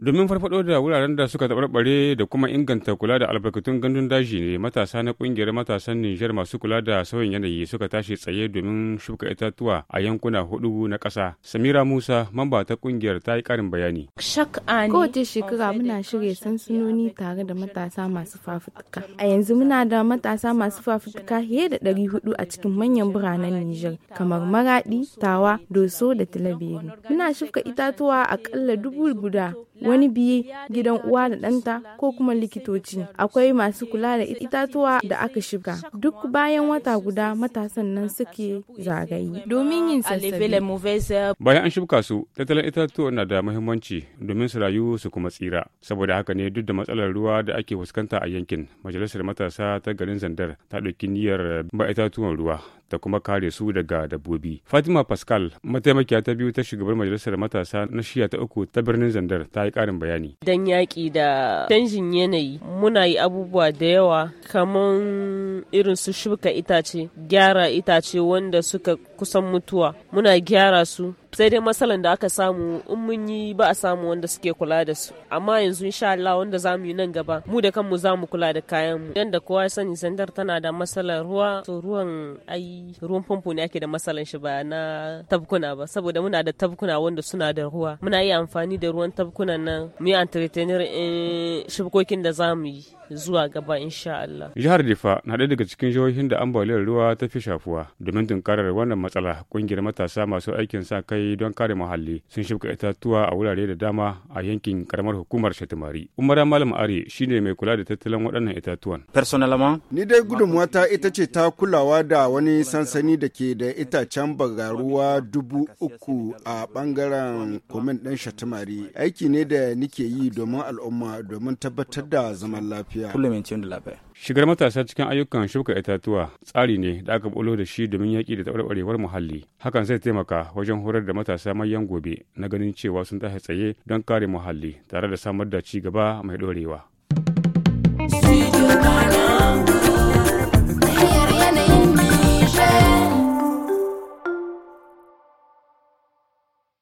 Domin farfado da wuraren da suka taɓarɓare da kuma inganta kula da albarkatun gandun daji ne matasa na kungiyar matasan Nijar masu kula da sauyin yanayi suka tashi tsaye domin shuka itatuwa a yankuna hudu na ƙasa. Samira Musa, mamba ta ƙungiyar ta yi ƙarin bayani. Kowace shekara muna shirya sansunoni tare da matasa masu fafutuka. A yanzu muna da matasa masu fafutuka fiye da ɗari hudu a cikin manyan biranen Nijar kamar Maraɗi, Tawa, Doso da Talabiri. Muna shuka itatuwa a aƙalla dubu guda wani biye gidan uwa da ɗanta ko kuma likitoci akwai masu kula da itatuwa da aka shiga duk bayan wata guda matasan nan suke zagaye domin yin sassabi bayan an shuka su tattalin itatuwa na da muhimmanci domin su rayu su kuma tsira saboda haka ne duk da matsalar ruwa da ake fuskanta a yankin majalisar matasa ta garin zandar ta ɗauki niyyar ba itatuwan ruwa ta kuma kare su daga dabbobi. Fatima Pascal, mataimakiya ta biyu ta shugabar majalisar matasa na shiya ta uku ta birnin Zandar ta yi ƙarin bayani. Dan yaƙi da canjin yanayi muna yi abubuwa da yawa kamar irin su shuka itace, gyara itace wanda suka kusan mutuwa. Muna gyara su sai dai matsalan da aka samu in mun yi ba a samu wanda suke kula da su amma yanzu insha Allah wanda zamu yi nan gaba mu da kanmu zamu kula da kayan mu yanda kowa ya sani sandar tana da matsalar ruwa to ruwan ai ruwan famfo ne ake da matsalan shi ba na tabkuna ba saboda muna da tabkuna wanda suna da ruwa muna iya amfani da ruwan tabkunan nan mu yi entertainer in eh, shibkokin da zamu yi zuwa gaba insha Allah. Jihar Difa na ɗaya daga cikin jihohin da ambaliyar ruwa ta fi shafuwa. Domin tunkarar wannan matsala, ƙungiyar matasa masu aikin sa kai don kare muhalli sun shimfiɗa itatuwa a wurare da dama a yankin karamar hukumar Shatimari. Umar Malam Ari shine mai kula da tattalin waɗannan itatuwan. Personalement, Ni dai gudunmuwata ita ce ta kulawa da wani sansani da ke da itacen bagaruwa dubu uku a bangaren kumin ɗan Shatimari. Aiki ne da nike yi domin al'umma domin tabbatar da zaman lafiya. Shigar matasa cikin ayyukan shuka itatuwa tsari ne da aka bulo da shi domin yaƙi da taɓarɓarewar muhalli. Hakan zai taimaka wajen horar da matasa manyan gobe na ganin cewa sun tashi tsaye don kare muhalli tare da samar da ci gaba mai ɗorewa.